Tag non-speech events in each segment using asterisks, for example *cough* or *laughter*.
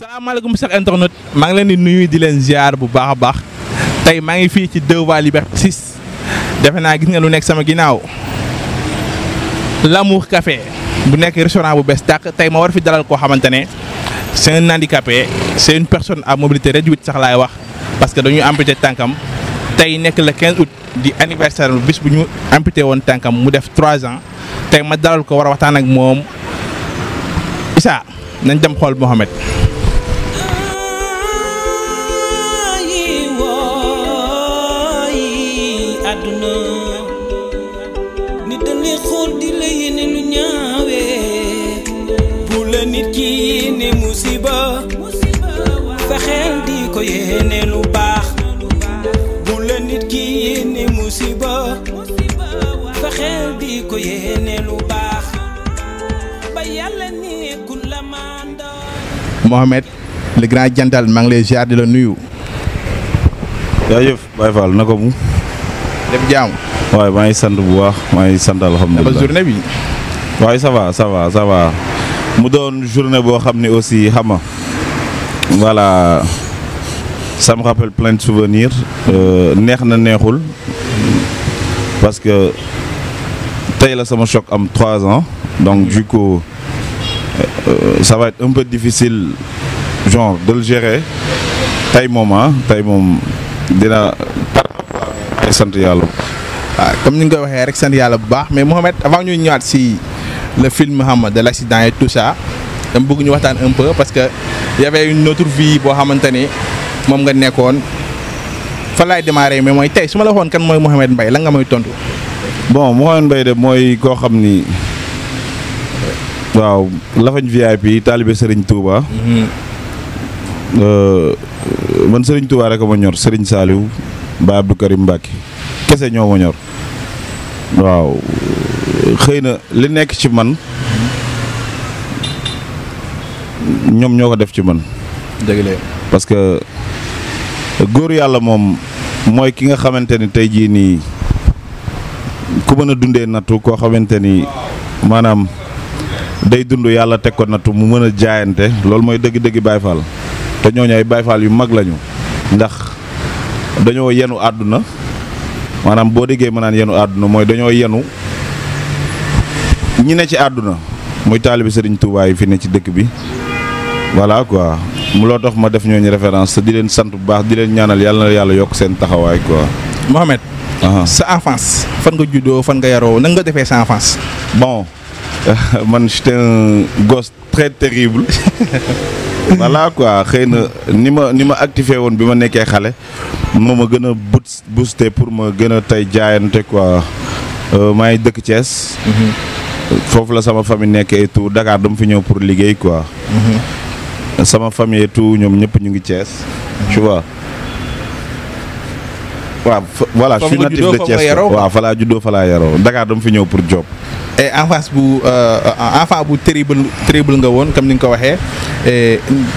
assalamualaikum sak internet maa ngi leen di nuyu di leen ziar bu baax baax tay maa ngi fii ci deux voies liberté 6 defena gis nga lu nek sama ginaaw L'Amour Café bu nek restaurant bu bes tak tay ma war fi dalal ko xamantene c'est un handicapé c'est une personne à mobilité réduite sax lay wax parce que dañu amputé tankam tay nek le 15 août di anniversaire bis bu ñu amputé won tankam mu def 3 ans tay ma dalal ko war waxtan ak mom isa nañ dem xol mohammed musiba fexeel di ko yéene lu baax bu la nit ki yéene musiba fexeel di ko yéene lu baax ba yàlla nekkul la manda Mohamed le grand jantal maa ngi lay ziar di la nuyu jaajëf Baye Fall naka mu lépp jaam waaye maa ngi sant bu baax maa ngi sant alhamdulilah journée bi waaye ça va ça va ça va mu journée boo xam aussi xam voilà ça me rappelle plein de souvenirs euh, neex na neexul parce que tey la sama choc am 3 ans donc du coup euh, ça va être un peu difficile genre de le gérer tey moom ah tey moom dina sant yàlla. waaw ah, comme ni nga ko waxee rek sant yàlla bu baax mais Mohamed avant de ñëwaat si. le film Muhammad de l'accident et tout ça dama bëgg ñu waxtaan un peu parce que y avait une autre vie bo xamante mom nga nekkon fa lay démarrer mais moy tay suma la xone kan moy Mouhamed Mbaye la nga moy tontu. bon Mouhamed Mbaye de moy ko xamni ni la fañ VIP talibé Serigne Touba. Mhm. Euh, man Serigne Touba rek ma ñor Serigne Saliou ba Abdou Karim Mbacke kessé ñoo ma ñor waaw. xëy na li nekk ci man ñoom ñoo ko def ci man. dëgg parce que góor yàlla moom mooy ki nga xamante ni tey jii nii ku mën a dundee nattu koo xamante ni maanaam day dund yàlla teg ko nattu mu mën a jaayante loolu mooy dëgg-dëgg Baye Fall te ñooñu ay Baye Fall yu mag lañu ndax dañoo yenu àdduna maanaam boo déggee naan yenu àdduna mooy dañoo yenu ñi ne ci àdduna muy taalibi Serigne Touba yi fi ne ci dëkk bi voilà quoi mu loo tax ma def ñooñu référence te di leen sant bu baax di leen ñaanal yàlla na yàlla yokk seen taxawaay quoi. Mohamed. sa enfance fan nga juddoo fan nga yaroo nan nga defee sa enfance. bon *laughs* man j'étais un très terrible. *laughs* voilà quoi xëy na ni ma ni ma activé woon bi ma nekkee xale moo ma gën a boosté pour ma gën a tey jaayante quoi euh, maa ngi dëkk Thiès. Mhm. foofu la sama famille nekkee tout Dakar dama fi ñëw pour liggéey quoi. Mhm. sama famille tout ñoom ñëpp ñu ngi Thiès. tu mhm. vois waaw voilà je suis natif de Thiès waaw fa laa juddoo fa laa yaroo Dakar dama fi ñëw pour job. et enfance bu euh, euh, enfant bu terrible terrible nga woon comme ni nga ko waxee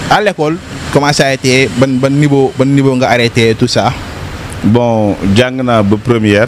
à l'école comment ça a été ban ban niveau ban niveau nga arrêté tout ça. bon jàng naa ba première.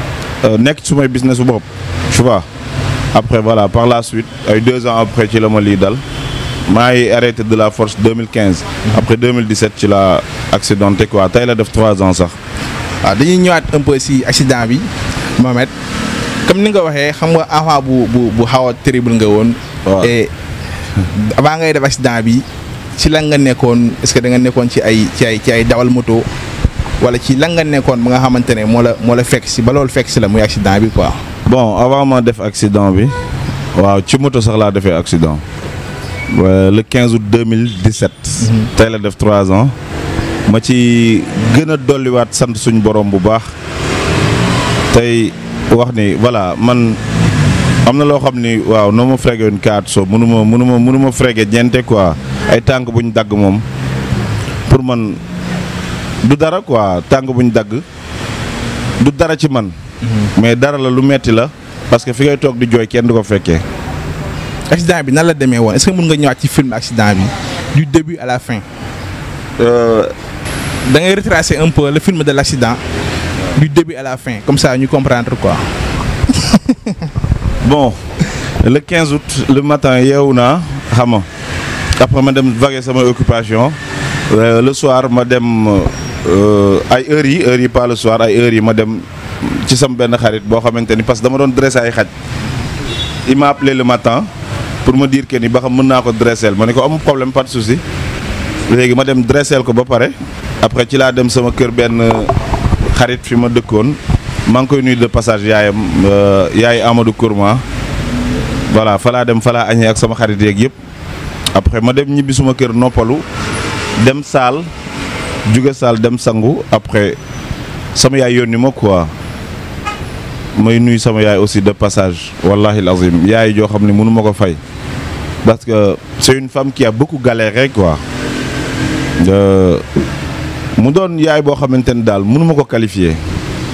Euh, nek ci business bu tu vois après voilà par la suite deux ans après ci l'as ma dal maa arrêté de la force 2015 après 2017 ci la accidenté quoi tey la def trois ans sax ah dañuy ñëwaat un peu si accident bi Mohamed comme ni nga fait, xam nga avant bu bu bu xaw terrible nga avons et avant ngay def accident bi ci lan nga nekkoon est-ce que da nga nekkoon ci ay ci ay ci ay dawal moto wala ci lan nga nekkoon ba nga xamante ne moo la moo la fekk si baloolu loolu fekk si la muy accident bi quoi. bon avant ma def accident bi waaw ci moto sax laa defee accident le 15 août 2017. Mhm. tey la def trois ans ma ci gën a dolliwaat sant suñu boroom bu baax tey wax ni voilà man. am na loo xam ni waaw noo ma frégé woon soo mënuma mënuma ma mënu ma ñeente quoi ay tànk bu ñu dagg moom pour man du dara quoi tang buñ dag du dara ci man. mais dara la lu metti la parce que fi ngay tok du joy kenn du ko que accident bi nan la est-ce que mën nga ñëwaat ci film accident bi du début à la fin. Euh, da ngay retracer un peu le film de l'accident du début à la fin comme ça ñu comprendre quoi. *laughs* bon le 15 août le matin yewuna xama après ma dem vaguer sama occupation euh, le soir ma euh, Euh, ay heures yi heures yi pas le soir ay heures yi ma dem ci sama benn xarit boo xamante ni parce que dama doon dressé ay xaj il m'a appelé le matin pour ma diir que ni ba xam mën naa ko dressel ma ne ko am problème pas de léegi ma dem dressel ko ba pare après ci laa dem sama kër benn xarit fi ma dëkkoon maa ngi koy nuyu de passage yaayam euh, yaay Amadou Kourma voilà fa laa dem fa laa añee ak sama xarit yeeg yëpp après ma dem ñibbi suma kër noppalu dem saal jóge saal dem sangou après sama yaay yónni quoi may nuyu sama yaay aussi de passage wallahi lazim yaay joo xam ne fay parce que c'est une femme qui a beaucoup galéré quoi mu doon yaay bo xamantene dal daal mënu ko qualifier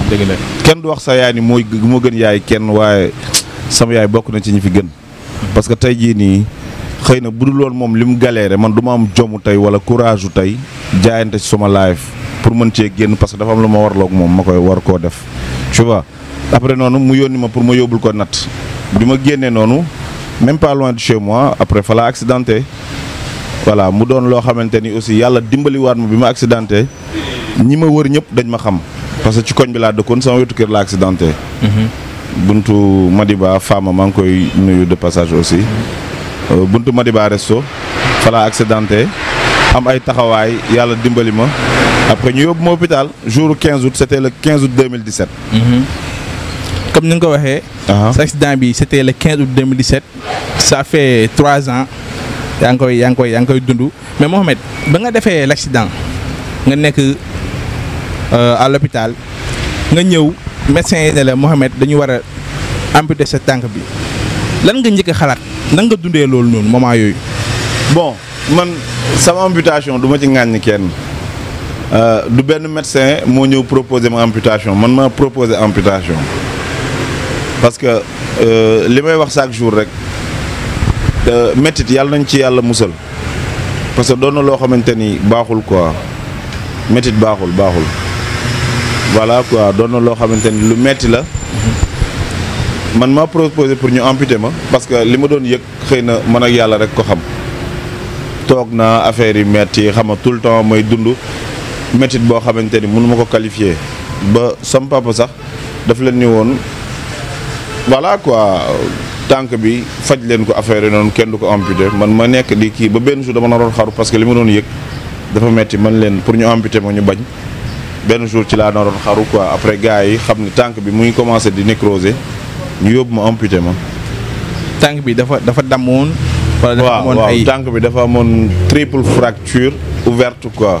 dëgg la kenn du wax sa yaay ni moy moo gën yaay kenn waye sama yaay bokku na ci ñi fi gën parce que tey jii ni xëy na bu dul woon moom li mu galéré man du ma am jomu tey wala courage u tey jaayante ci sama live pour mën cee génn parce que dafa am lu ma warloog moom ma koy war koo def tu vois après noonu mu yónni ma pour ma yóbbul ko nat bi ma génnee noonu même pas de chez moi après fa la accidenté voilà mu doon loo xamante ni aussi yàlla dimbaliwaat ma bi ma accidenté ñi ma wër ñëpp dañ ma xam parce que ci koñ bi laa dëkkoon sama wetu kër la accidenté mm-hmm. buntu Madiba Fama maa ngi koy nuyu de passage aussi Euh, buntu Madiba Resto fala accidenté am ay taxaway yalla dimbali ma après ñu yob mo hôpital jour 15 août c'était le 15 août 2017. Mhm. comme ni nga ko waxee. sa accident bi c'était le 15 août 2017. ça fait 3 ans yaa ngi koy yaa koy koy mais Mohamed ba nga fait l'accident, nga nek euh à l'hôpital nga ñëw médecin yi ne la Mohamed dañu wara amputé sa tank bi. lan nga njëkk xalaat nan nga dundee loolu noonu moment yooyu. bon man sama amputation du ma ci ŋàññi kenn euh, du benn médecin moo ñëw proposé ma amputation man ma proposé amputation parce que euh, li may wax chaque jour rek euh, méttit yàlla nañ ci yàlla musal parce que doon na loo xamante ni baaxul quoi méttit baaxul baaxul voilà quoi doon na loo xamante ni lu metti la. man maa proposé pour ñu amputé ma parce que li ma doon yëg xëy na man ak yàlla rek ko xam toog naa affaire yi metti xam nga tout le temps may dund métit boo xamante ni mënu ma ko qualifier ba sam papa sax daf leen ni woon voilà quoi tànk bi faj leen ko affaire yi noonu kenn du ko amputé man ma nekk di kii ba benn jour dama naroon xaru parce que li ma doon yëg dafa metti man leen pour ñu amputé ma ñu bañ benn jour ci laa naroon xaru quoi après gars yi xam ne tànk bi mu commencé di nécroser ñu yóbbu ma amputé ma. tànk bi dafa dafa damone wala dafa amoon ay waaw bi dafa amoon triple fracture ouverte quoi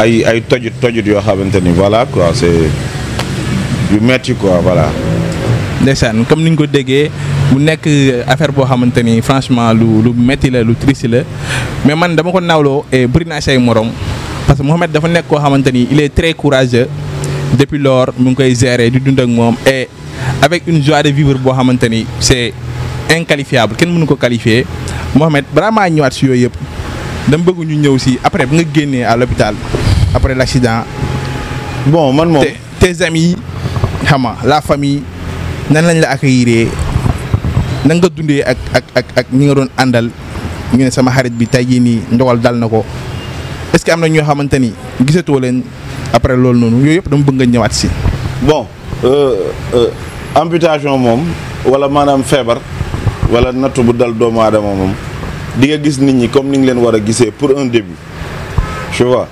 ay ay tojut tojut yo xamanteni ni voilà quoi c'est yu metti quoi voilà. ndeysaan comme niñ ko déggee mu nek affaire bo xamanteni ni franchement lu lu metti la lu triste la mais man dama ko nawlo et bëri say morom parce que mohamed dafa nek ko xamanteni ni il est très courageux depuis lors mu ngi koy gérer di dund ak mom et avec une joie de vivre bo xamanteni c'est inqualifiable ken mënu ko qualifier Mohamed brama maa ci yoyep yooyu yëpp dama bëgg ñu ñëw ci après nga génnee à l'hôpital après l'accident. bon man moom tes amis xam la famille nan lañ la accueillir nan nga dundee ak ak ak ak ñi nga doon àndal ñu né sama xarit bi tay jii nii ndogal dal nako est-ce que amna ñu xamanteni xamante leen après loolu noonu yoyep yëpp dama bëgg nga ñëwaat si bon. Euh, euh, amputation voilà wala manam voilà wala natou bu dal adam di comme ni pour un début tu vois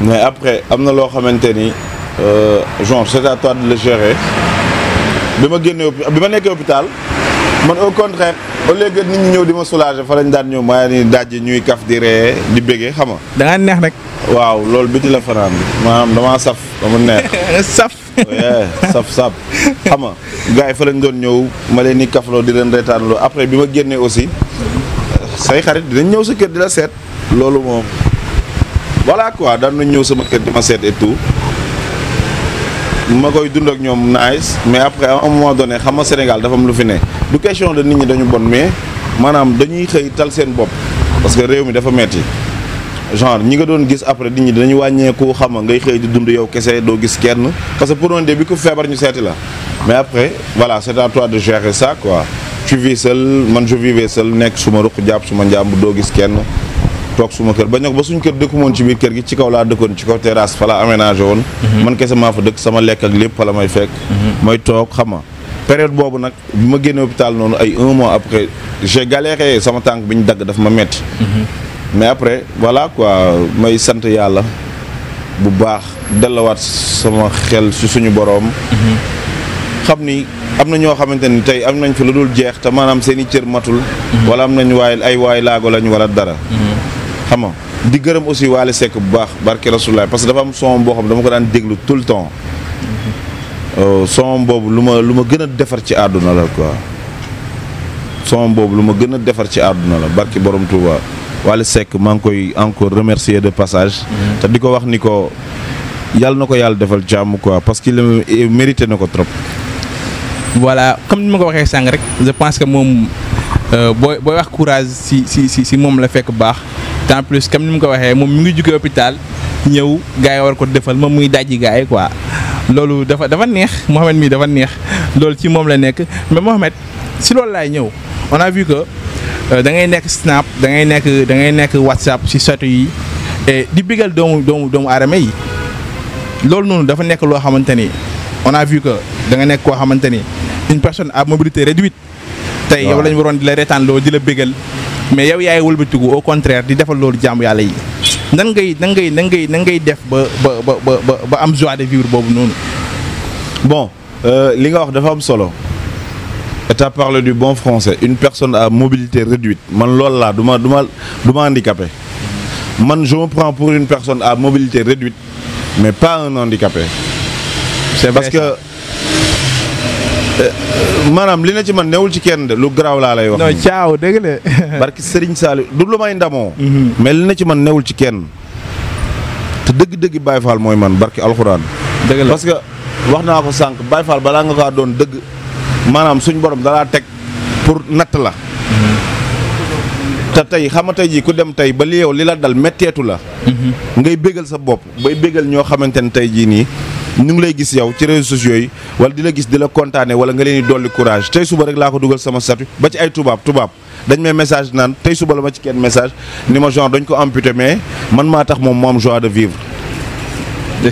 mais après amna na à maintenir, euh, genre c'est à toi de le gérer bima génné bima au hôpital au contraire au lieu que nit ñi ñëw di soulager fa lañ daan ñëw ni dajji ñuy kaf di di neex waaw biti la *laughs* saf saf xam nga gars fa lañ doon ñëw ma leen di kafloo di leen reetaanloo après bi ma génnee aussi say xarit dinañ ñëw sa kër di la seet loolu moom voilà quoi daan nañ ñëw sama kër di ma seet et tout ma koy dund ak ñoom nice mais après am un moment donné xam nga Sénégal dafa am lu fi ne du question de nit ñi dañu bon mais maanaam dañuy xëy tal seen bopp parce que réew mi dafa metti genre ñi doon gis après nit ñi dañu xam nga ngay di dund yow parce que pour un début on ñu mais après voilà c'est à toi de gérer ça quoi tu vis seul man je vivais seul nek suma ruk japp suma je do gis kenn tok suma kër ba suñu kër mon ci bir kër gi ci kaw la ci terrasse fa aménagé mhm. man kessé ma fa dekk sama lek ak lepp may fekk moy mhm. tok xama période bobu nak suis génné hôpital ay un mois après j'ai galéré sama tank biñ dag ma mhm. mais après voilà quoi may sant yàlla bu baax delluwaat sama xel si suñu boroom. xam ni am na ñoo xamante ni tey am nañ fi lu dul jeex te maanaam seen i cër matul. wala am nañ waaye ay waay laago lañ wala dara. xam nga di gërëm aussi waale Seck bu baax barke Rasulullah parce que dafa am son boo xam dama ko daan déglu tout le euh, son boobu lu ma lu ma gën a defar ci àdduna la quoi son boobu lu ma gën a defar ci àdduna la barke borom Touba. Wally Seck maa koy encore remercier de passage. te di ko wax ni ko yàlla na ko defal quoi parce qu'il mérite mérité trop. voilà comme nous ma ko waxee rek je pense que mon euh, boy booy wax courage si si si si le la que bah. Tant plus comme ni ma ko waxee moom mi ngi hôpital ñëw gars yi war ko defal mon muy dajji gars quoi Lolo. dafa dafa neex Mohamed mii dafa neex Lolo. ci moi la nek, mais Mohamed. si loolu laay ñëw on a vu que euh, da ngay nekk snap da ngay nekk da ngay nekk whatsapp si sato yi et di bigal doomu doomu doomu aadama yi loolu noonu dafa nekk loo xamante ni on a vu que da nekk koo xamante ni une personne à mobilité réduite. tey yow lañu waroon di la reetaan loolu di la bégal mais yow yaay wëlbatiku au contraire di defal loolu jàmm yàlla yi nan ngay nan ngay nan ngay nan ngay def ba ba ba ba am joie de vivre boobu noonu. bon euh, li nga wax dafa am solo. L'État parle du bon français. Une personne à mobilité réduite. Man lola, duma, duma, duma handicapé. Man, je me prends pour une personne à mobilité réduite, mais pas un handicapé. C'est parce que euh, madame, li na ci man newul ci kenn de lu graw la lay wax. non ciao, deug la. *laughs* barki Serigne Saliou du lu may ndamo mhm. mais li na ci man newul ci kenn. te deug deug Baye Fall moy man barki alcorane deug la parce que wax naa ko sànq Baye Fall bala nga ko don deug maanaam suñ borom dalaa teg pour natt la te tey xam nga tey jii ku dem tey ba li yow li la dal metteetu la ngay bégal sa bopp bay bégal ñoo xamante ne tey jii nii ñu ngi lay gis yow ci réseaux sociaux yi wala di la gis di la kontaane wala nga leen di dolli courage tey suba rek laa ko dugal sama statut ba ci ay tubaab tubaab dañ may message naan tey suba la ma ci kenn message ni ma genre dañ ko amputé mais man maa tax moom moom joie de vivre de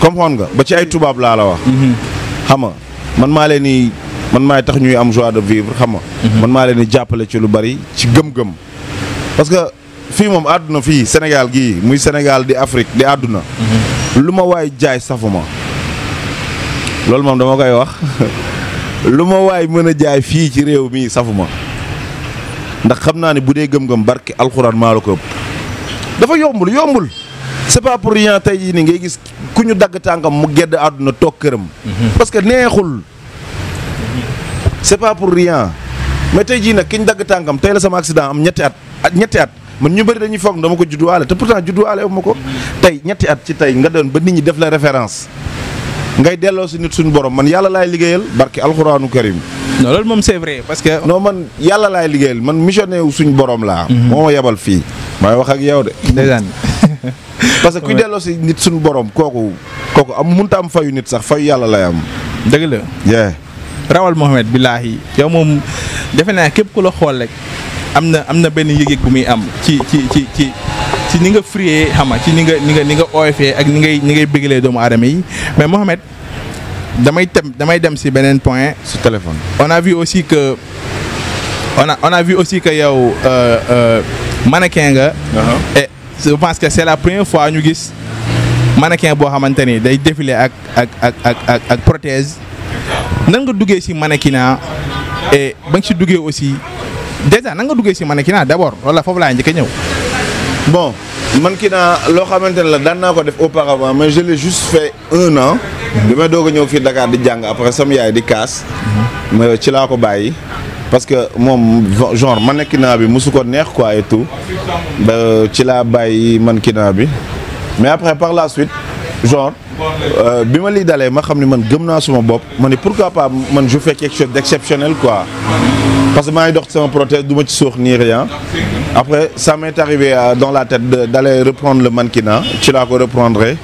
comprendre nga ba ci ay tubaab laa la wax mm-hmm. xam nga man maa leen man maay tax ñuy am joie de vivre xam ma mhm. man maa leen di jàppale ci lu bari ci gëm-gëm. parce que fii moom àdduna fii Sénégal gii muy Sénégal di Afrique di àdduna. Mhm. lu ma waay jaay safuma loolu moom dama koy wax *laughs* lu ma waay mën a jaay fii ci réew mii safuma ndax xam naa ne bu dee gëm-gëm barki alxuraan maa la ko ëpp dafa yombul yombul. c'est pas pour rien tey jii nii ngay gis ku ñu dagg tànkam mu gedd àdduna toog këram. Mhm. parce neexul. c'est pas pour rien mais tay ji nak kiñ dag tankam tay la sama accident am ñetti at ñetti at man ñu bari dañuy fogg dama ko juddu walé te pourtant juddu walé tay ñetti at ci tay nga doon ba nit ñi def la référence ngay delo ci nit suñu borom man yalla lay ligéyal barki alcorane karim non lool mom c'est vrai parce que non man yalla lay ligéyal man wu suñu borom la mo mhm. yabal fi may wax ak yow de ndeysane *laughs* parce que ku delo ci nit suñu borom koku koku am ta am fayu nit sax fayu yalla lay am deug la yeah rawal Mohamed billaahi yow mom defe naa képp ku xol rek amna amna ben yegge benn mi am ci ci ci ci ci ni nga frier xama ci ni nga ni nga ni nga ofé ak ni ngay ni ngay bëggalee doomu aadama yi mais Mohamed damay tem damay dem ci benen point. sur téléphone. on a vu aussi que on a on a vu aussi que yow euh euh mannequin nga. et je pense que c'est la première fois ñu gis. mannequin bo xamanteni day défiler ak ak ak ak ak ak prothèse nan nga duggee ci mannequinat et ba ci si aussi déjà nan nga duggee ci mannequinat d'abord wala foofu laa njëkk a ñëw. bon mannequin lo xamanteni la daan nako def auparavant mais je l'ai juste fait un an. bi ma doog a ñëw fii Dakar di jang après sam yaay di casse ma ci la ko bàyyi. parce que moom genre mannequinat bi mosu ko neex quoi et tout ba ci la bàyyi mannequinat bi mais après par la suite genre je euh, suis lii dalee ma man gëm pourquoi pas man je fais quelque chose d'exceptionnel. quoi parce que je ngi dox sama je ne suis ci soox rien après ça m'est arrivé euh, dans la tête d'aller reprendre le mannequinat tu l'as repris,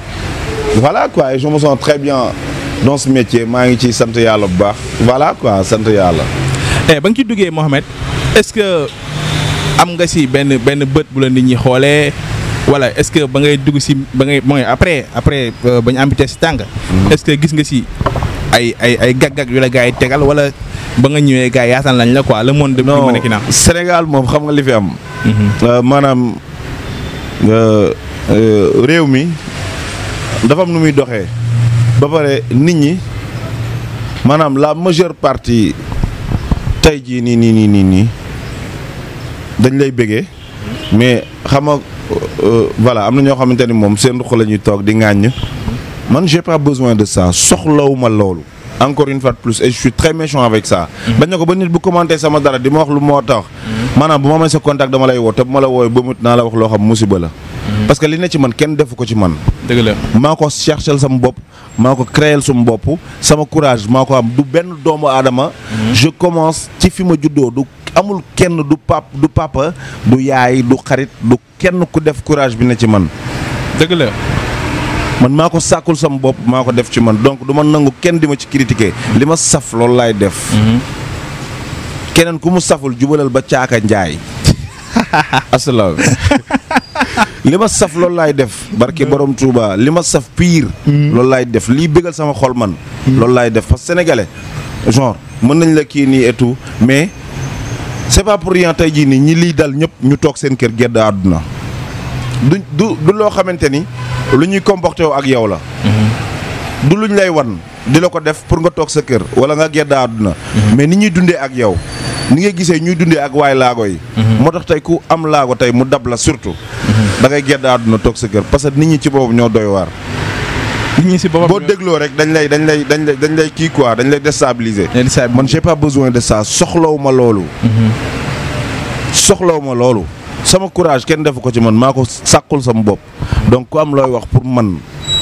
voilà quoi et je me sens très bien dans ce métier maïti ngi ciy sant voilà quoi sant eh ba qui ci Mohamed est-ce que am nga un peu de bët bu la nit ñi voilà est-ce que ba ngay dugg si ba ngay mooy après après euh, ba ñu amputé si tànk. est-ce que gis nga si ay ay ay gag-gag yu la gars yi tegal wala ba nga ñëwee gars yi yaataan lañ la quoi le monde. de non Sénégal moom xam nga li fi am. Euh, maanaam euh, réew mi dafa am nu muy doxee ba pare nit ñi maanaam la majeure partie tey jii nii nii nii nii nii dañ lay bëggee mais xam Euh, voilà amna ñoo xamanteni mom moom seen ruq la ñuy di ŋàññ man j'ai pas besoin de ça soxlawuma loolu encore une fois de plus et je suis très méchant avec ça. bañ na ko ba nit bu commenter sama dara di ma wax lu mo tax. Manam mm-hmm. bu ma amee contact dama lay wo, te bu ma la wooyee ba mut na la wax lo xam musiba la. Mhm. parce que li ne ci man kenn defu ko ci man. dëgg la maa ko cherchel sama bopp maa ko créel sama bopp sama courage maa ko am du benn doomu aadama. Mhm. je commence ci fi ma juddoo du amul kenn du pap du papa du yaay du xarit du kenn ku def courage bi ne ci man. dëgg la. man maa ko sàkkul sama bopp maa ko def ci man donc du ma nangu kenn di ma ci critiquer li ma saf loolu laay def. Mhm. keneen ku mu saful jubalal ba caaka njaay *laughs* asalaam *laughs* li ma saf loolu laay def barki borom Touba li ma saf piir loolu laay def lii bégal sama xol man. loolu laay def parce que sénégalais mën nañ la kii nii et mais c'est pas tey jii nii ñi lii dal ñëpp ñu toog seen kër gedd àdduna du du du loo xamante ni lu ñuy comporté wu ak yow la. du luñ lay wan di la ko def pour nga toog sa kër wala nga gedd àdduna mhm. mais ni ñuy dundee ak yow. ni ngay gisee ñuy dundee ak waay laago yi. Mhm. moo tax tey ku am laago tey mu dab la surtout. Mhm. da ngay gedd àdduna toog sa kër parce que nit ñi ci boppam ñoo doy waar. nit ñi si boppam boo dégloo rek dañ lay dañ lay dañ lay dañ lay kii quoi dañ lay déstabiliser. man j'ai pas besoin de ça soxlawu ma loolu. Mhm. soxlawu ma loolu. sama courage kenn defu ko ci man maa ko sàkkul sama bopp donc ku am looy wax pour man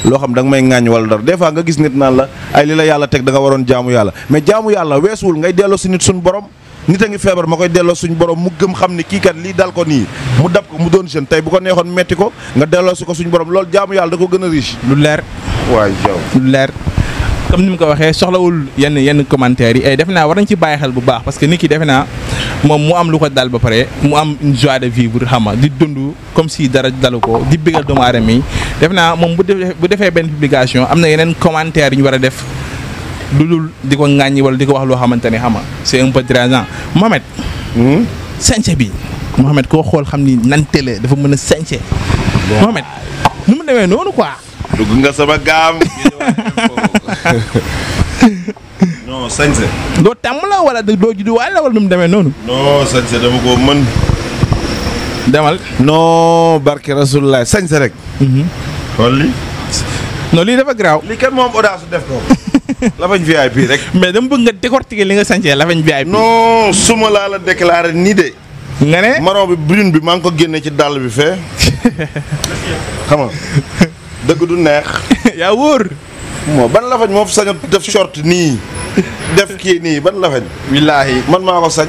loo xam da nga may ŋaañ wala dara des fois nga gis nit naan la ay li la yàlla teg danga waroon jaamu yàlla mais jaamu yàlla weesuwul ngay delloo si nit suñu borom. nit a ngi feebar ma koy delloo suñ borom mu gëm xam ne kii kat lii dal ko nii mu dab ko mu doon jeune tey bu ko neexoon metti ko nga delloo si ko suñ borom loolu jaamu yàlla da ko gën a riche. lu leer. waay yow lu leer. comme ni mu ko waxee soxlawul yenn yenn commentaires yi ay eh, defe naa war nañ ci bàyyi xel bu baax parce que nit ki defe naa moom mu am lu ko dal ba pare mu am une joie de vivre xam nga di dund comme si dara dalu ko di bëggal doomu aadama yi defe naa moom bu defee bu defee benn publication am na yeneen commentaire yi ñu war a def. lu dul di ko ŋàññi wala di ko wax loo xamante ne xam nga c'est un peu dérangeant Mohamed. Hmm? sañse bi Mohamed koo xool xam ni nante la dafa mën a sañse. Mohamed nu mu demee noonu quoi. dugg nga sama gaam. *laughs* non doo tàmm la wala doo juddu la wala nu mu demee noonu. non sañse dama ko mën. demal. non barke rasulullah sañse rek. Mhm. xool lii dafa garaaw. def *laughs* lafañ VIP rek mais dama bëgg nga décortiquer li nga sancé lafañ VIP non suma la la déclarer ni dé nga né maro bi brune bi mang ko génné ci dal bi fé xam nga deug du neex *laughs* ya wor mo ban lafañ mo sañu def short ni def ki ni ban lafañ wallahi man mako sañ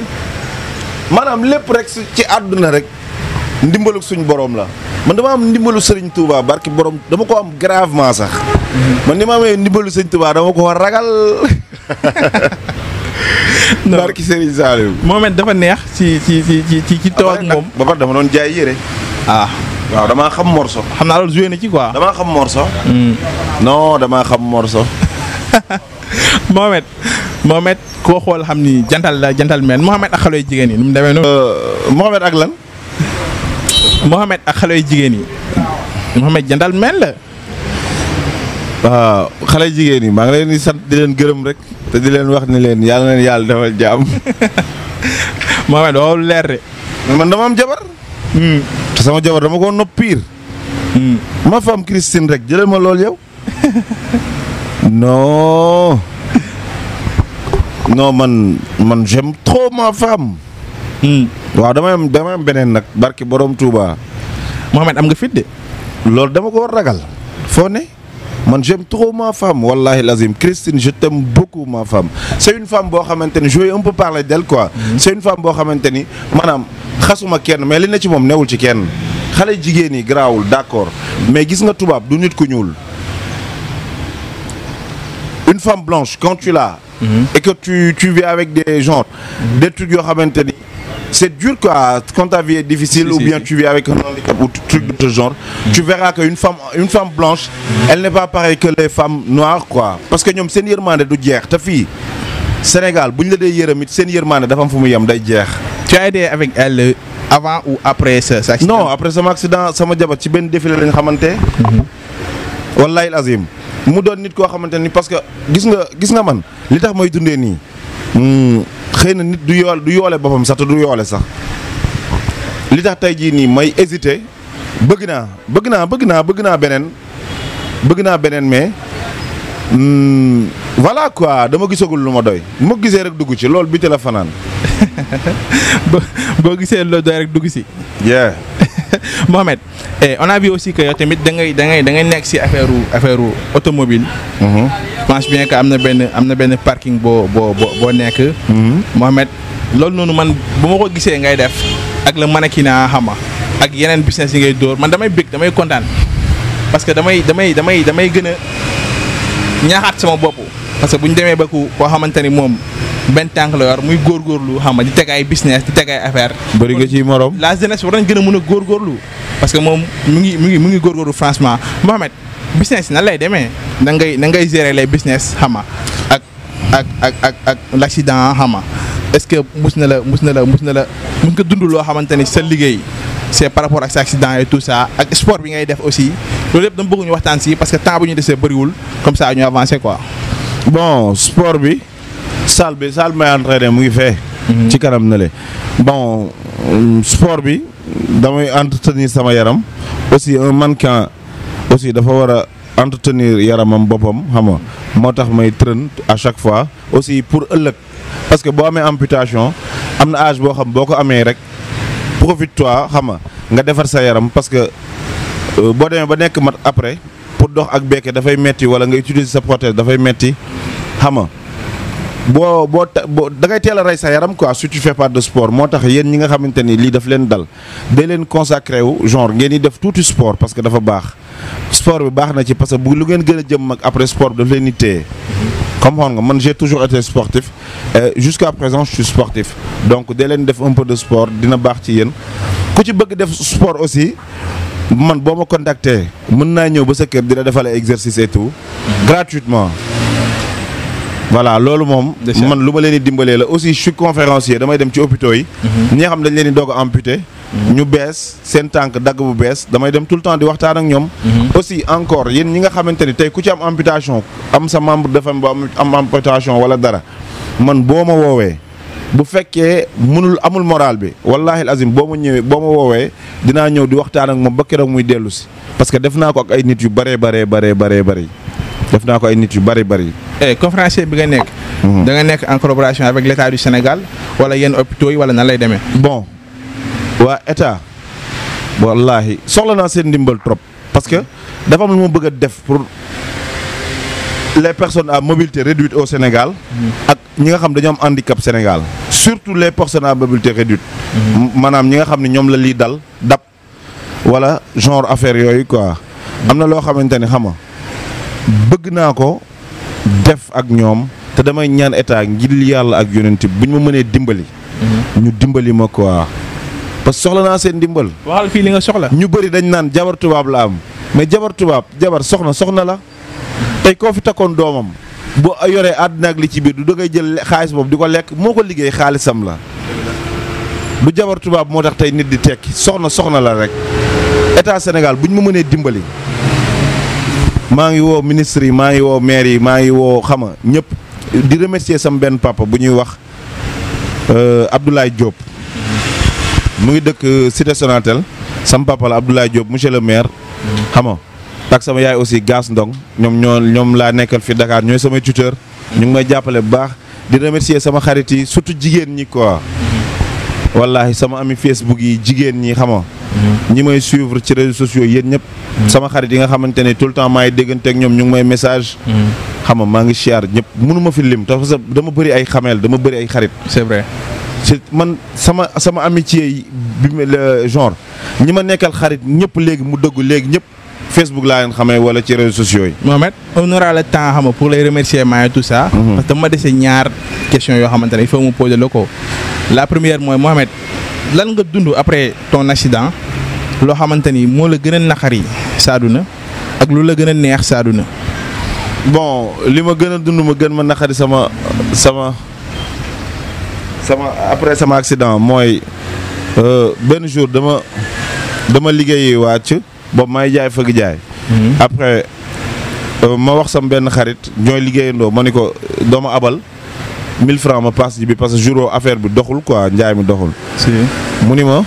manam lepp rek ci aduna rek ndimbalu suñ borom la man dama am ndimbalu serigne touba barki borom dama ko am gravement sax man ni ma amee ndimbalu sëñ Tuubaa dama ko ragal. *laughs* barki Serigne Saliou. Mohamed dafa neex ci ci ci ci ci ci toog ak moom. ba dama doon jaay yére. ah waaw damaa xam morso. xam naa loolu joué na ci quoi. damaa xam morso. Hmm. non damaa xam morso. *laughs* Mohamed Mohamed koo xool xam ni jantal la jantal meen Mohamed ak xale yu jigéen yi nu mu demee noonu. Euh, Mohamed ak lan. xale yu jigéen yi. Mohamed jantal la. waaw ah, xale jigéen yi maa ngi leen di sant di leen gërëm rek te di leen wax ni leen yàlla na leen yàlla defal jàmm. *laughs* Mohamed doo leer de. man dama am jabar. Hmm. sama jabar dama ko noppiir. Hmm. ma fam Christine rek jëlal ma lool yow. *laughs* non non man man j'aime trop ma femme. Hmm. waaw dama am dama am beneen nag barki borom Touba. Mohamed am nga fit de. loolu dama ko ragal. foo ne. j'aime trop ma femme Christine je t'aime beaucoup ma femme c'est une femme qui m'a je vais un peu parler d'elle quoi mhm. c'est une femme Madame, mais est ci est là. ci kenn là. d'accord mais gis nga du une femme blanche quand tu l'as mhm. et que tu tu vis avec des gens des trucs qui c'est dur quoi. Quand ta vie est difficile ou bien tu vis avec un handicap ou truc de ce genre, tu mm. verras qu'une femme, une femme blanche, elle n'est pas pareille que les femmes noires quoi. Parce que nous sommes seniorement de guerre, ta fille. Sénégal, si nous sommes seniorement de femme qui de guerre. Tu as aidé avec elle euh, avant ou après ce accident Non, après cet accident, ça m'a dit que ben défilé lañ xamanté. Mm-hmm. Wallahi l'azim. Mu doon nit ko ni parce que tu nga gis nga man li tax dundé xëy na nit du yool du yoole boppam sax te du yoole sax li tax tey jii nii may hésité bëgg naa bëgg naa bëgg naa bëgg naa beneen bëgg naa beneen mais hmm, voilà quoi dama gisagul lu ma doy ma gisee rek dugg ci lool bi te la fanaan *laughs* boo gisee loo doy rek dugg si. *laughs* Mohamed eh, on a vu aussi que yow tamit dangay ngay da nekk si affaire affaire automobile mhm. pense bien que am na benn am na benn parking boo boo boo nekk. Mhm. Mohamed loolu noonu man bu ma ko gisee ngay def ak la mannequinat xama ak yeneen business yi ngay dóor man damay bëgg damay kontaan parce que damay damay damay damay gën a ñaaxaat sama bopp parce que bu ñu demee ba ku koo xamante ni moom. benn tànk la yor muy góorgóorlu xam nga di teg ay business di teg ay affaire bëri nga ci morom la jeunesse war nañ gën a mën a góorgóorlu parce que moom mu ngi mu ngi mu ngi góorgóorlu franchement Mohamed business nan lay demee da ngay da ngay gérer les business xam nga ak ak ak ak ak l' accident xam nga est-ce que mus na la mus na la mus na la mus nga dund loo xamante ni sa liggéey c'est par rapport ak sa accident et tout ça ak sport bi ngay def aussi loolu yëpp dama bëgg ñu waxtaan si parce que temps bu ñu desee bëriwul comme ça ñu avancer quoi. bon sport bi. Salbe, salbe, salle bi may entraîné mhm. ci kanam na bon sport bi damay entretenir sama yaram aussi un mannequin aussi dafa wara entretenir yaramam bopam xam nga may à chaque fois aussi pour euleuk parce que bo amé amputation amna âge bo xam boko amé rek profite toi xam nga nga sa yaram parce que euh, bon, demee ba nek mat après pour dox ak da fay metti wala nga utiliser sa prothèse fay metti xam nga boo boo boo da ngay teel a rey sa yaram quoi si tu fais pas de sport moo tax yéen ñi nga xamante ni lii daf leen dal day leen consacré genre ngeen di def tuuti sport parce que dafa baax sport bi baax na ci parce que bu lu ngeen gën a jëm après sport bi daf leen di téye comprendre nga man j'ai toujours été sportif jusqu'à présent je suis sportif donc day leen def un peu de sport dina baax ci yéen ku ci bëgg def sport aussi man boo ma contacter mën naa ñëw ba sa kër dina defal exercice et tout gratuitement voilà mom man luma leni aussi je suis conférencier damay dem ci hôpitaux yi. Mhm. ñi xam dañ leen di amputé. Mhm. ñu bess sen tank bu damay dem tout le temps di waxtaan ak mhm. aussi encore yeen ñi nga xamanteni tay ku ci am amputation am sa membre de bu am amputation wala dara man boma wowe bu mënul amul moral bi wallahi azim boma ñewé je wowe dina ñew di waxtaan ak mom ba muy parce que def ko ak ay nit yu def naa ko ay nit yu bari bari. Eh, conférencier bi nga nekk. Mhm. da nga en collaboration avec l'État du Sénégal wala yenn hôpitaux yi wala nan lay demee. bon Voilà. état wallaahi soxla naa seen ndimbal trop parce que dafa am lu ma bëgg def pour les personnes à mobilité réduite au Sénégal. Mhm. ak ñi nga xam ont am handicap Sénégal. surtout les personnes à mobilité réduite. Mhm. Madame ñi nga xam ne ñoom la dal dab wala genre affaire yooyu quoi am na loo xamante bëgg naa ko def ak ñoom te damay ñaan état ngir yàlla ak yonent bu ñu ma mënee dimbali. Mhm. ñu dimbali ma quoi. parce que soxla naa seen dimbal. waxal fii li nga soxla. ñu bëri dañ naan jabar tubaab la am mais jabar tubaab jabar soxna soxna la tey koo fi takkoon doomam boo yoree àddina ak li ci biir du dangay jël xaalis boobu di ko lekk moo ko liggéey xaalisam la. bu jabar tubaab moo tax tey nit di tekki soxna soxna la rek état Sénégal bu ñu ma mënee dimbali. maa wo ministry ministre yi maa maire yi maa ngi woo di remercier sam ben papa bu ñuy wax euh, Abdoulaye Diop mu ngi dekk euh, cité Sonatel sam papa la Abdoulaye Diop monsieur le maire xama tak sama yaay aussi gas Ndong ñom ñoo ñom la nekkal fi Dakar ñoy sama tuteur ñu ngi may jappalé bu baax di remercier sama xarit yi surtout jigen ñi quoi wallahi sama ami Facebook yi jigen ñi xama ñi may suivre ci réseaux sociaux yéen ñëpp sama xarit yi nga xamantene tout le temps may déggante ak ñom ñu ngi may message xam nga maa ngi siyaar ñëpp mënu fi lim parce que dama bëri ay xameel dama bëri ay xarit c'est vrai ci man sama sama amitié bi bi genre ñi ma nekkal xarit ñep légui mu dëgg légui ñep Facebook laa leen xamee wala ci réseaux sociaux yi. Mohamed on aura le temps xam nga pour les remerciements et tout ça. Mhm. parce que dese ñaar question yoo xamante ne il ma mu poser la ko. la première mooy Mohamed lan nga dund après ton accident loo xamante ni moo la gën a naqari saaduna ak lu la gën a neex saaduna. bon li ma gën a dund ma gën ma naqari sama sama sama après sama accident mooy euh, benn jour dama dama liggéeyi wàcc. boobu may jaay fëgg jaay. Mhm. après euh, ma wax sam benn xarit ñooy liggéeyandoo ma ni ko doomu abal 1000 francs ma paas bi parce que juro affaire bi doxul quoi njaay mi doxul. si mu ni ma.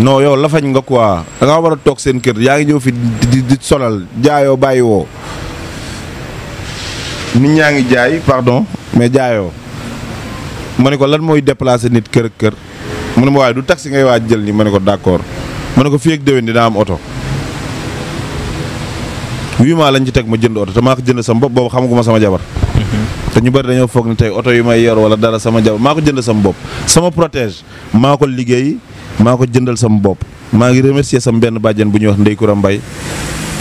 non yow lafañ nga ko da war a toog seen kër yaa ngi ñëw fi di di solal jaayoo bàyyi woo. nit ñaa ngi jaay pardon mais jaayoo ma ne ko lan mooy déplacer nit kër kër mu ne ma waaye du taxi ngay waaj jël ni ma ne ko d'accord. ma ne ko fii ak déwén dina am oto huit maa lañ ci teg ma jënd oto te maa ko jënd sama bopp boobu ma sama jabar. Mhm. te ñu bari dañoo foog ne tey oto yi may yor wala dara sama jabar maa ko jënd sama bopp sama protège maa ko liggéey maa ko jëndal sama bopp maa ngi remercier sama benn bàjjen bu ñuy wax Ndey a Mbay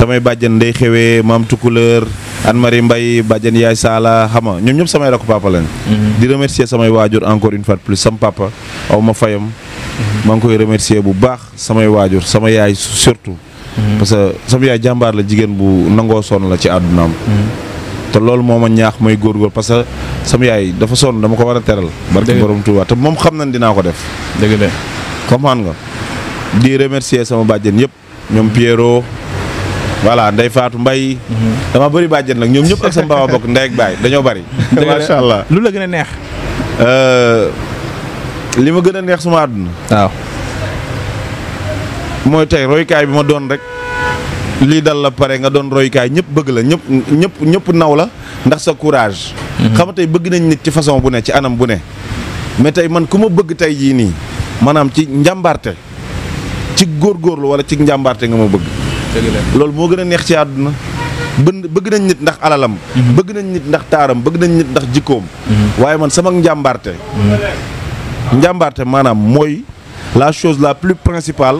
sama bàjjen day mam mam Tukuleur an mari mbay bàjjen yaay sala xama ñom ñoom sama samay papa lañ. Mhm. di remercier sama wajur encore une fois plus sam papa aw ma fayam. Mhm. maa ngi koy remercier bu baax samay wajur sama yaay surtout. Mhm. parce que sama yaay jambar la jigen bu nango son la ci àddunaam. te loolu moma ñaax moy gor gor parce que sama yaay dafa son dama ko wara téral teral. borom tuwa te mom xam nañ dinaa ko def. deug la comprendre nga di remercier sama bàjjen yëpp ñom Pierrot voilà ndey fatou mbay mhm. dama bari bàjjen nak ñom ñep ak sama papa bok ndey ak bay dañu bari *laughs* masha allah lu la gëna neex euh lima gëna neex suma aduna waaw moy tay roy kay bima don rek li dal la paré nga don roy kay ñep bëgg la ñep ñep ñep naw la ndax sa courage mhm. xam tay bëgg nañ nit ci façon bu ne ci anam bu ne mais tay man kuma bëgg tay ji ni manam ci njambarte ci gor gor lu wala ci njambarte nga ma bëgg loolu moo gën a neex ci àdduna bëgg nañ nit ndax alalam mhm. bëgg nañ nit ndax taaram bëgg nañ nit ndax jikkoom mhm. waaye man sama njàmbaarte mhm. njàmbaarte maanaam mooy la chose la plus principale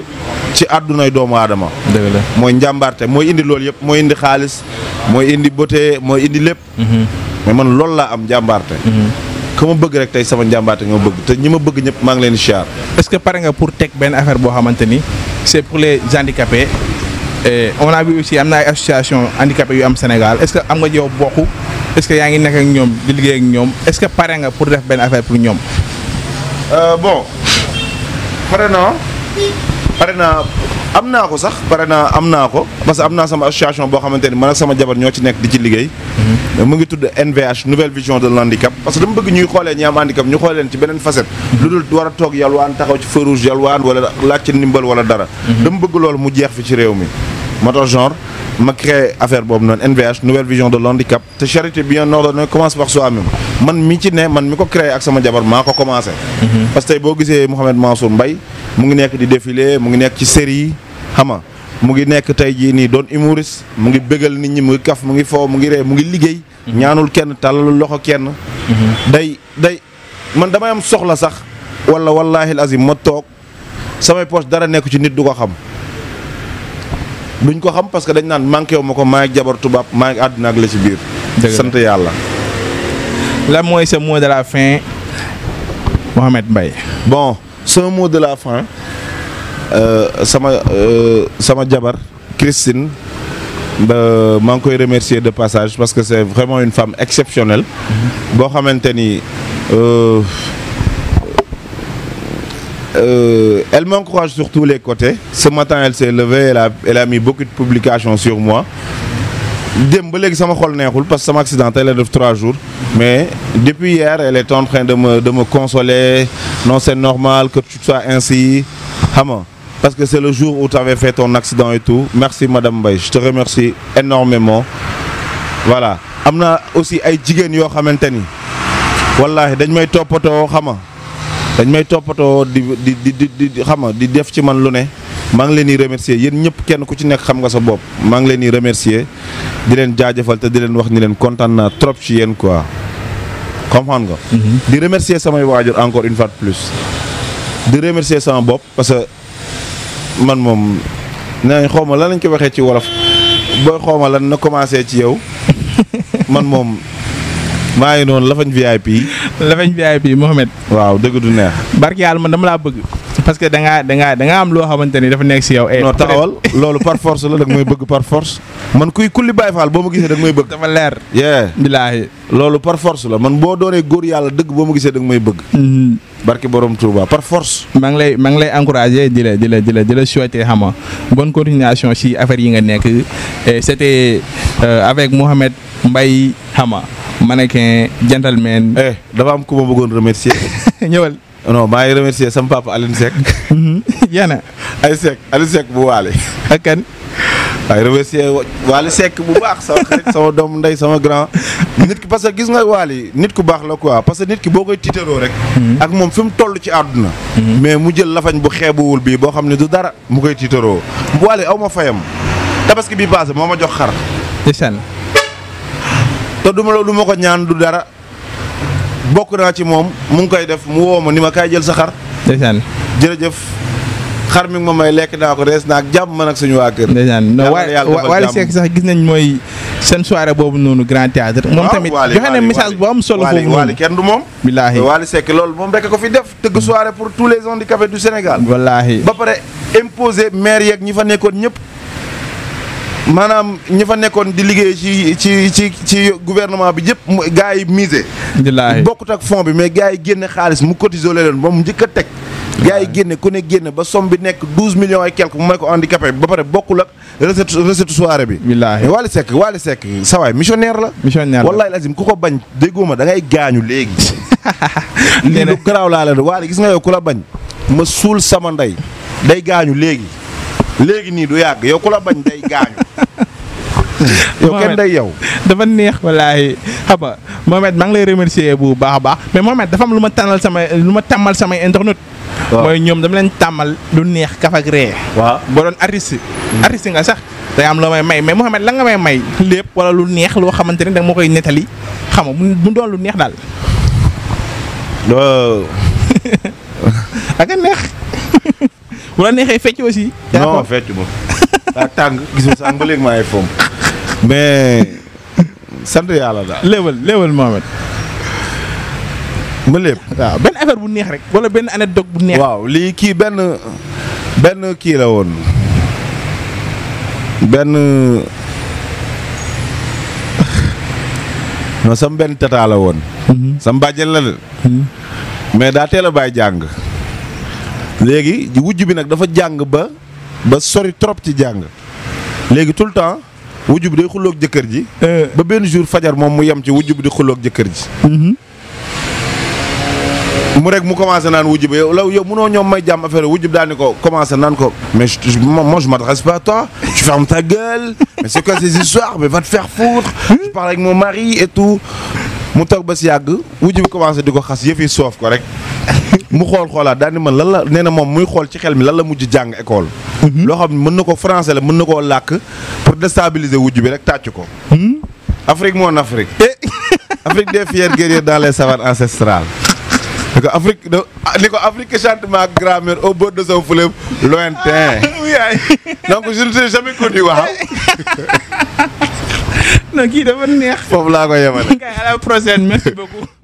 ci àddunay doomu aadama dëgg la mooy njàmbaarte mooy indi loolu yëpp mooy indi xaalis mooy indi beauté mooy indi lépp mais man loolu laa am njàmbaarte ka ma bëgg rek tey sama njàmbaarte nga ma bëgg te ñi ma bëgg ñëpp maa ngi leen di est-ce que pare nga pour teg benn affaire boo xamante ni c'est pour les handicapés eh on a vu aussi amna association handicapé yu am Sénégal est-ce que am nga yow bokku est-ce que yaangi nek ak ñom di liggé ak ñom est-ce que paré nga pour def ben affaire pour ñom euh bon paré na paré na amna ko sax paré na amna ko parce que amna sama association bo xamanteni man ak sama jabar ño ci nek di ci liggéey mhm. mu ngi tudd NVH nouvelle vision de l'handicap parce que dama bëgg ñuy xolé ñam handicap ñu xolé ci benen facette mhm. ludul wara tok yalwaan taxaw ci feu rouge yalwaan wala lacc nimbal wala dara mhm. dama bëgg lool mu jeex fi ci réew mi moo genre ma créé affaire boobu non NVH nouvelle vision de l'handicap te charité bien ordonnée commence par soi-même man mi ci né man mi ko créé ak sama jabar maa ko mhm. parce que tay bo gisé mohamed Mansour mbay mu ngi nekk di défiler mu ngi ci série xama xam nga mu ngi nekk tey jii nii don humoriste mu ngi bégal nit ñi mu ngi kaf mu ngi foo mu ngi mu ngi liggéey. Mhm. ñaanul kenn tàllalul loxo kenn. Mhm. day day man damay am soxla sax wala wallahi azim ma tok samay poche dara nek ci nit du ko xam duñ ko xam parce que dañ naan manqué wu ma ko jabar tubaab maa ngi àdduna ak la ci biir. sante yalla la mooy ce mot de la fin mohamed Mbaye. bon ce mot de la fin euh, sama euh, sama jabar Christine maa ngi koy remercier de passage parce que c'est vraiment une femme exceptionnelle. Mm-hmm. bo xamanteni euh euh, elle m'encourage sur tous les côtés. Ce matin, elle s'est levée, elle a, mis beaucoup de publications sur moi. parce que accident, elle est trois jours. Mais depuis hier, elle est en train de me, consoler. Non, c'est normal que tu sois ainsi. Parce que c'est le jour où tu avais fait ton accident et tout. Merci, Madame Baye. Je te remercie énormément. Voilà. Amna aussi ay yo dañ may toppatoo di di di di xam nga di def ci man lu ne maa ngi leen di remercier yéen ñëpp kenn ku ci nekk xam nga sa bopp maa ngi leen di remercier di leen jaajëfal te di leen wax ni leen kontaan trop ci yéen quoi comprendre nga. Mhm. di remercier samay waajur encore une fois de plus. di remercier sama bopp parce que man moom nee xaw ma lan lañ ko waxee ci wolof booy xaw ma lan na commencé ci yow *laughs* man moom. maa ngi noonu Lafagne VIP. Lafagne VIP Mohamed. waaw dëgg du neex. barke yàlla ma dama laa bëgg. parce que da ngaa da ngaa da am loo xamante ni dafa nekk si yow. Eh, non taxawal loolu par force la da nga may bëgg par force. man kuy kulli Baay Faal boo ma gisee da nga may bëgg. dafa loolu par force la man boo doonee góor yàlla dëgg boo ma gisee da mooy may bëgg. Mm-hmm. barki borom Touba par force. maa ngi lay maa lay encouragé di la di la di la di la souhaité xam nga bonne continuation si affaire yi nga nekk eh, c' était euh, avec Mouhamed Mbaye xam nga mannequin gentleman. Eh, dafa am ku ma bëggoon remercier. *laughs* ñëwal. non maa ngi remercier sama papa Alioune Seck. yana mhm. ay Seck Alioune Seck bu waale. ak kan. waaye remercier Waly Seck bu baax sama xarit sama doom ndey sama grand nit ki parce que gis nga Waly nit ku baax la quoi parce que nit ki boo koy tiitaroo rek mhm. ak moom fi mu toll ci àdduna mhm. mais mu jël lafañ bu xeebuwul bii boo xam ne du dara mu koy tiitaroo Waly aw ma fayam tabaski bi passé moo ma jox xar te duma la lu ko ñaan du dara bokk naa ci moom mu ngi koy def mu woo ma ni ma kaay jël sa xar. ndeysaan jërëjëf xar mi ma may lekk naa ko rees naa ak jàmm man ak suñu waa kër. ndeysaan non Wally Seck sax gis nañ mooy seen soirée boobu noonu grand théâtre moom tamit joxe na message bu am solo foofu kenn du moom. billaahi Wally Seck lool moom rek ko fi def. tëgg soirée pour tous les handicapés du Sénégal. wallaahi ba pare imposer maire yeeg ñi fa nekkoon ñëpp. maanaam ñi fa nekkoon di liggéey ci ci ci ci gouvernement bi yëpp mu gars yi misé. bokkut ak fond bi mais gars yi génne xaalis mu cotisé leen ba mu njëkk a teg. gars yi génne ku ne génne ba somme bi nekk douze millions et quelque mu may ko handicapé ba pare bokkul ak recette recette soirée bi. wallaahi Wally Seck Wally Seck sa waay missionnaire la. missionnaire la wallaahi lazim ku ko bañ déggoo ma da ngay gaañu léegi. *laughs* lii lu garaaw laa leen waale gis nga yow ku la bañ ma suul sama ndey day gaañu léegi. léegi nii du yàgg yow ku la bañ day gaañu. *laughs* yow kenn day yow. dafa neex walaay xam nga Mohamed maa ngi lay remercier bu baax a baax mais Mohamed dafa am lu ma tànnal samay lu ma tàmmal samay internet. mooy ñoom dama leen tàmmal lu neex kaf ak ree. waaw boo doon artiste. artiste nga sax day am loo may may mais Mohamed la nga may may lépp wala lu neex loo xamante ni da moo koy nettali xam nga mu doon lu neex daal. waaw. *laughs* neex. *laughs* bu la neexee fecc aussi. non fecc *laughs* daa tàng gis nga sànq ba léegi maa mais sant yàlla daal. léewal léewal Mohamed. ma lépp waaw benn affaire bu neex rek. wala benn anecdote bu neex. waaw lii kii benn benn kii la woon benn non sam benn tataa la woon. Mhm. sam bàjjen la de. Mhm. mais daa teel a bàyyi jàng. léegi wujj bi nak dafa jang ba ba sori trop ci jang légui tout le temps wujj day xulloog ji. Euh. ba ben jour fajar mom mu yam ci di ji. Mhm. mu rek mu commencé nan yow mu ñom may affaire ko mais je moi je m'adresse pas à toi tu fermes ta gueule mais c'est quoi ces histoires mais va te faire foutre je hmm? parle avec mon mari et tout mu toog ba si yàgg wujj bi commencé di ko xas yëf yi soof ko rek *laughs* mu xool xoolaat daal man lan la nee na moom muy xool ci xel mi lan la mujj jàng école. Mhm. loo xam ne mën na ko français la mën na koo làkk pour déstabiliser wujj bi rek tàcc ko. Mhm. Afrique mon Afrique. Eh. *laughs* Afrique des fiers guerriers dans les savanes ancestrales. ni ko Afrique de ah, ni ko Afrique chante ma grammaire au bord de son fleuve lointain. Ah, donc *laughs* *laughs* non kii dafa neex. foofu laa ko yemale. kay à la prochaine merci beaucoup.